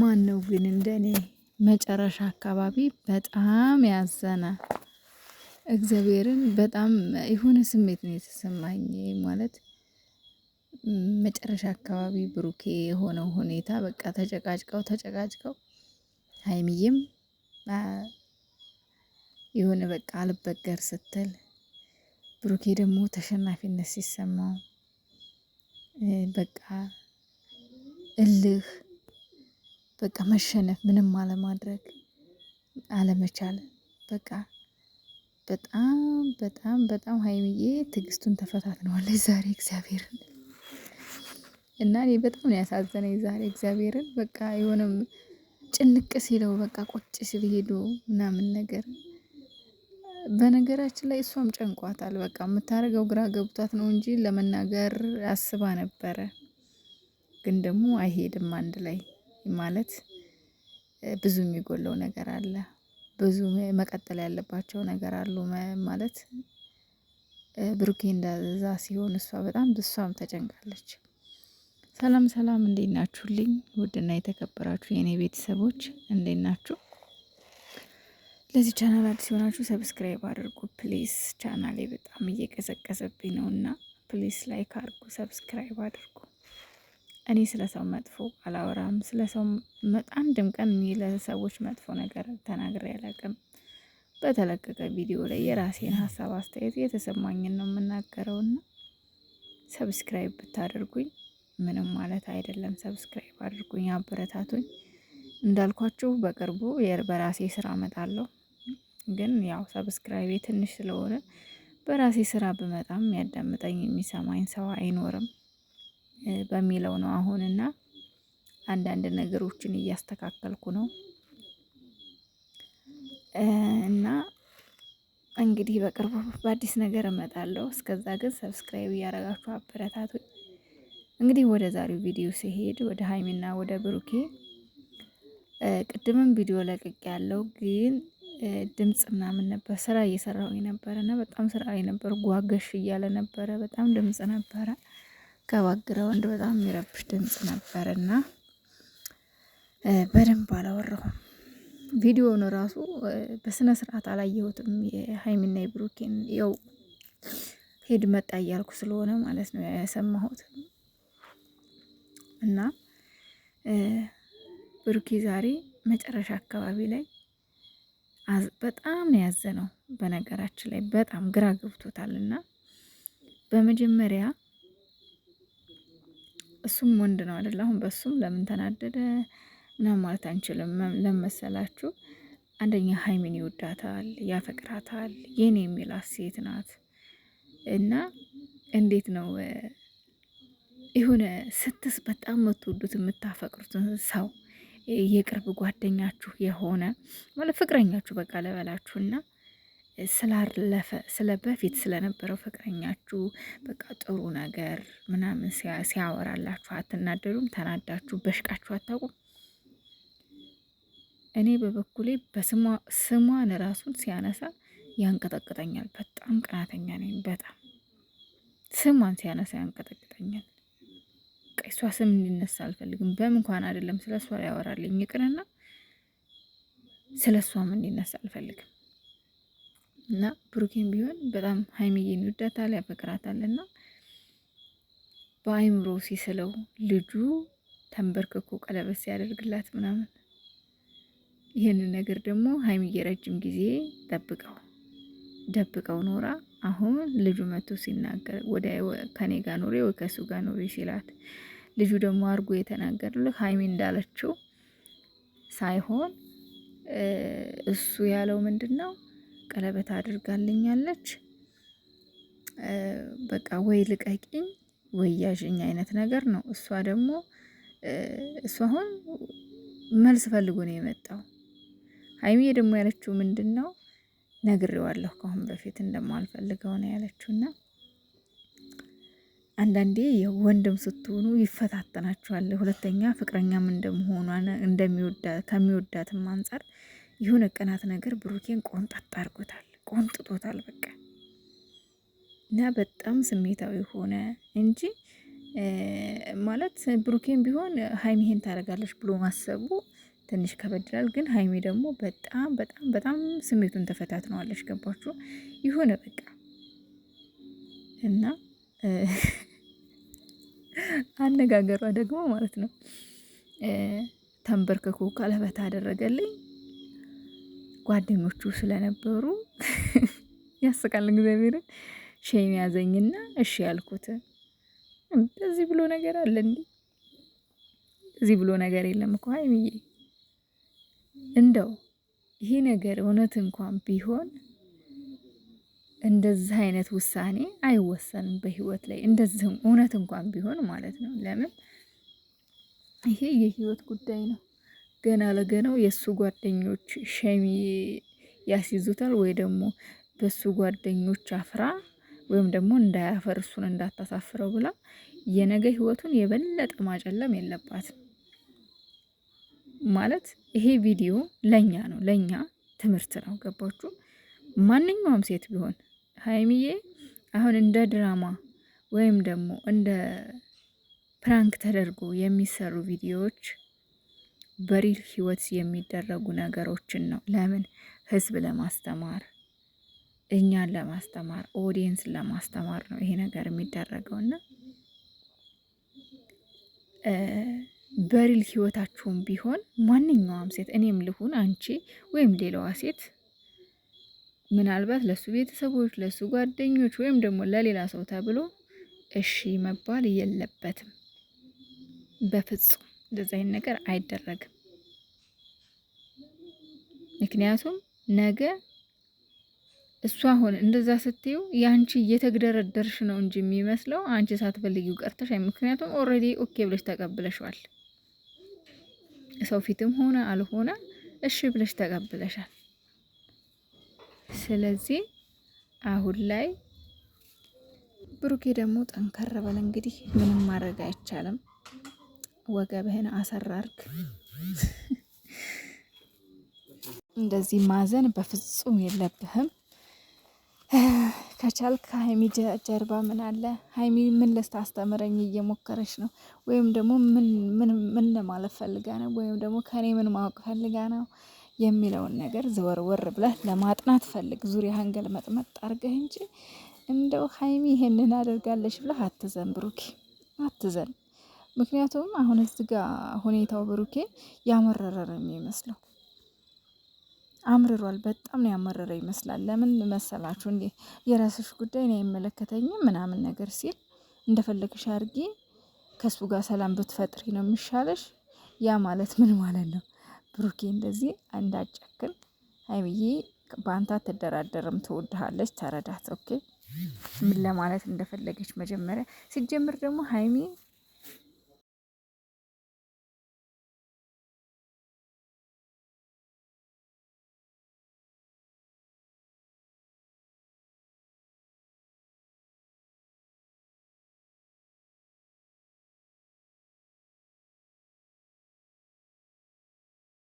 ማን ነው ግን እንደኔ መጨረሻ አካባቢ በጣም ያዘነ? እግዚአብሔርን በጣም የሆነ ስሜት ነው የተሰማኝ። ማለት መጨረሻ አካባቢ ብሩኬ የሆነው ሁኔታ በቃ ተጨቃጭቀው ተጨቃጭቀው ሀይሚዬም የሆነ በቃ አልበገር ስትል ብሩኬ ደግሞ ተሸናፊነት ሲሰማው በቃ እልህ በቃ መሸነፍ፣ ምንም አለማድረግ፣ አለመቻል በቃ በጣም በጣም በጣም ሀይሚዬ ትዕግስቱን ተፈታትነዋለች ዛሬ እግዚአብሔርን እና እኔ በጣም ነው ያሳዘነኝ ዛሬ እግዚአብሔርን በቃ የሆነም ጭንቅ ሲለው በቃ ቆጭ ሲል ሄዱ ምናምን ነገር። በነገራችን ላይ እሷም ጨንቋታል። በቃ የምታደርገው ግራ ገብቷት ነው እንጂ ለመናገር አስባ ነበረ፣ ግን ደግሞ አይሄድም አንድ ላይ ማለት ብዙ የሚጎለው ነገር አለ፣ ብዙ መቀጠል ያለባቸው ነገር አሉ። ማለት ብሩኬ እንደዛ ሲሆን እሷ በጣም እሷም ተጨንቃለች። ሰላም ሰላም፣ እንዴት ናችሁልኝ? ውድና የተከበራችሁ የእኔ ቤተሰቦች እንዴት ናችሁ? ለዚህ ቻናል አዲስ የሆናችሁ ሰብስክራይብ አድርጉ ፕሊስ። ቻናሌ በጣም እየቀዘቀዘብኝ ነው እና ፕሊስ ላይክ አድርጉ፣ ሰብስክራይብ አድርጉ። እኔ ስለ ሰው መጥፎ አላወራም። ስለ ሰው አንድም ቀን ለሰዎች መጥፎ ነገር ተናግሬ አላውቅም። በተለቀቀ ቪዲዮ ላይ የራሴን ሀሳብ አስተያየት፣ የተሰማኝን ነው የምናገረውና ሰብስክራይብ ብታደርጉኝ ምንም ማለት አይደለም። ሰብስክራይብ አድርጉኝ፣ አበረታቱኝ። እንዳልኳችሁ በቅርቡ በራሴ ስራ እመጣለሁ። ግን ያው ሰብስክራይቤ ትንሽ ስለሆነ በራሴ ስራ ብመጣም ያዳምጠኝ የሚሰማኝ ሰው አይኖርም። በሚለው ነው አሁንና አንዳንድ ነገሮችን እያስተካከልኩ ነው እና እንግዲህ በቅርቡ በአዲስ ነገር እመጣለሁ። እስከዛ ግን ሰብስክራይብ እያደረጋችሁ አበረታቱ። እንግዲህ ወደ ዛሬው ቪዲዮ ሲሄድ ወደ ሀይሚና ወደ ብሩኬ ቅድምም ቪዲዮ ለቅቅ ያለው ግን ድምፅ ምናምን ነበር። ስራ እየሰራሁ ነበረ እና በጣም ስራ ነበር፣ ጓገሽ እያለ ነበረ። በጣም ድምፅ ነበረ። የሚያስገባግረው ወንድ በጣም የሚረብሽ ድምፅ ነበር እና በደንብ አላወራሁም። ቪዲዮውን ራሱ በስነ ስርዓት አላየሁትም። የሀይሚና የብሩኬን ያው ሄድ መጣ እያልኩ ስለሆነ ማለት ነው የሰማሁት እና ብሩኬ ዛሬ መጨረሻ አካባቢ ላይ በጣም ነው ያዘነው። በነገራችን ላይ በጣም ግራ ገብቶታል እና በመጀመሪያ እሱም ወንድ ነው አይደል? አሁን በእሱም ለምን ተናደደ ምናምን ማለት አንችልም። ለመሰላችሁ አንደኛ ሀይሚን ይወዳታል፣ ያፈቅራታል፣ የኔ የሚላት ሴት ናት እና እንዴት ነው የሆነ ስትስ በጣም የምትወዱት የምታፈቅሩትን ሰው የቅርብ ጓደኛችሁ የሆነ ማለት ፍቅረኛችሁ በቃ ለበላችሁና ስላለፈ ስለ በፊት ስለነበረው ፍቅረኛችሁ በቃ ጥሩ ነገር ምናምን ሲያወራላችሁ አትናደዱም? ተናዳችሁ በሽቃችሁ አታውቁም? እኔ በበኩሌ በስሟን ራሱን ሲያነሳ ያንቀጠቅጠኛል። በጣም ቅናተኛ ነኝ። በጣም ስሟን ሲያነሳ ያንቀጠቅጠኛል። እሷ ስም እንዲነሳ አልፈልግም። በምንኳን አይደለም ስለ እሷ ያወራልኝ ይቅርና ስለ እሷም እንዲነሳ አልፈልግም። እና ብሩኬን ቢሆን በጣም ሀይሚዬን ይወዳታል፣ ያፈቅራታል እና በአይምሮ ሲስለው ልጁ ተንበርክኮ ቀለበት ሲያደርግላት ምናምን ይህንን ነገር ደግሞ ሀይሚዬ ረጅም ጊዜ ጠብቀው ደብቀው ኖራ አሁን ልጁ መቶ ሲናገር ወደ ከኔ ጋር ኖሬ ወይ ከሱ ጋር ኖሬ ሲላት ልጁ ደግሞ አርጎ የተናገርልህ ሀይሚ እንዳለችው ሳይሆን እሱ ያለው ምንድን ነው ቀለበት አድርጋልኛለች። በቃ ወይ ልቀቂኝ ወይ ያዥኝ አይነት ነገር ነው። እሷ ደግሞ እሷ አሁን መልስ ፈልጎ ነው የመጣው። ሀይሚዬ ደግሞ ያለችው ምንድን ነው? ነግሬዋለሁ ከአሁን በፊት እንደማልፈልገው ነው ያለችውና አንዳንዴ የወንድም ስትሆኑ ይፈታተናችኋል። ሁለተኛ ፍቅረኛም እንደመሆኗ ከሚወዳትም አንጻር የሆነ ቅናት ነገር ብሩኬን ቆንጠጥ አድርጎታል፣ ቆንጥጦታል በቃ እና በጣም ስሜታዊ ሆነ እንጂ ማለት ብሩኬን ቢሆን ሀይሚ ይሄን ታደርጋለች ብሎ ማሰቡ ትንሽ ከበድላል። ግን ሀይሚ ደግሞ በጣም በጣም በጣም ስሜቱን ተፈታትነዋለች። ገባችሁ? የሆነ በቃ እና አነጋገሯ ደግሞ ማለት ነው ተንበርክኮ ቀለበት አደረገልኝ ጓደኞቹ ስለነበሩ ያስቃል። እግዚአብሔርን ሼም ያዘኝና እሺ ያልኩት እንደዚህ ብሎ ነገር አለ እንዴ? እዚህ ብሎ ነገር የለም እኮ ሀይሚዬ። እንደው ይሄ ነገር እውነት እንኳን ቢሆን እንደዚህ አይነት ውሳኔ አይወሰንም በህይወት ላይ እንደዚህም እውነት እንኳን ቢሆን ማለት ነው። ለምን ይሄ የህይወት ጉዳይ ነው። ገና ለገናው የእሱ ጓደኞች ሸሚ ያስይዙታል ወይ ደግሞ በሱ ጓደኞች አፍራ ወይም ደግሞ እንዳያፈር እሱን እንዳታሳፍረው ብላ የነገ ህይወቱን የበለጠ ማጨለም የለባትም። ማለት ይሄ ቪዲዮ ለእኛ ነው፣ ለእኛ ትምህርት ነው። ገባችሁ? ማንኛውም ሴት ቢሆን ሀይሚዬ አሁን እንደ ድራማ ወይም ደግሞ እንደ ፕራንክ ተደርጎ የሚሰሩ ቪዲዮዎች በሪል ህይወት የሚደረጉ ነገሮችን ነው። ለምን ህዝብ ለማስተማር፣ እኛን ለማስተማር፣ ኦዲየንስ ለማስተማር ነው ይሄ ነገር የሚደረገውና በሪል ህይወታችሁም ቢሆን ማንኛውም ሴት እኔም ልሁን አንቺ ወይም ሌላዋ ሴት ምናልባት ለሱ ቤተሰቦች፣ ለሱ ጓደኞች ወይም ደግሞ ለሌላ ሰው ተብሎ እሺ መባል የለበትም በፍጹም። እንደዚህ አይነት ነገር አይደረግም። ምክንያቱም ነገ እሷ አሁን እንደዛ ስትዩ የአንቺ እየተግደረደርሽ ነው እንጂ የሚመስለው አንቺ ሳትፈልጊው ቀርተሽ። አይ ምክንያቱም ኦልሬዲ ኦኬ ብለሽ ተቀብለሽዋል። ሰው ፊትም ሆነ አልሆነ እሺ ብለሽ ተቀብለሻል። ስለዚህ አሁን ላይ ብሩኬ ደግሞ ጠንከር በል እንግዲህ ምንም ማድረግ አይቻልም። ወገብህን አሰራርክ። እንደዚህ ማዘን በፍጹም የለብህም። ከቻልክ ሀይሚ ጀርባ ምን አለ? ሀይሚ ምን ልታስተምረኝ እየሞከረች ነው? ወይም ደግሞ ምን ለማለት ፈልጋ ነው? ወይም ደግሞ ከኔ ምን ማወቅ ፈልጋ ነው የሚለውን ነገር ዘወርወር ብለህ ለማጥናት ፈልግ። ዙሪያ ሀንገል መጥመጥ አድርገህ እንጂ እንደው ሀይሚ ይሄንን አደርጋለች ብለህ አትዘን ብሩኪ፣ አትዘን። ምክንያቱም አሁን እዚህ ጋር ሁኔታው ብሩኬ ያመረረ ነው የሚመስለው። አምርሯል። በጣም ነው ያመረረ ይመስላል። ለምን መሰላችሁ? እንዴ የራስሽ ጉዳይ ነው አይመለከተኝም ምናምን ነገር ሲል እንደፈለግሽ አድርጊ፣ ከእሱ ጋር ሰላም ብትፈጥሪ ነው የሚሻለሽ። ያ ማለት ምን ማለት ነው? ብሩኬ እንደዚህ እንዳጨክን አይብዬ በአንተ አትደራደርም፣ ትወድሃለች፣ ተረዳት። ኦኬ ምን ለማለት እንደፈለገች መጀመሪያ ሲጀምር ደግሞ ሀይሚ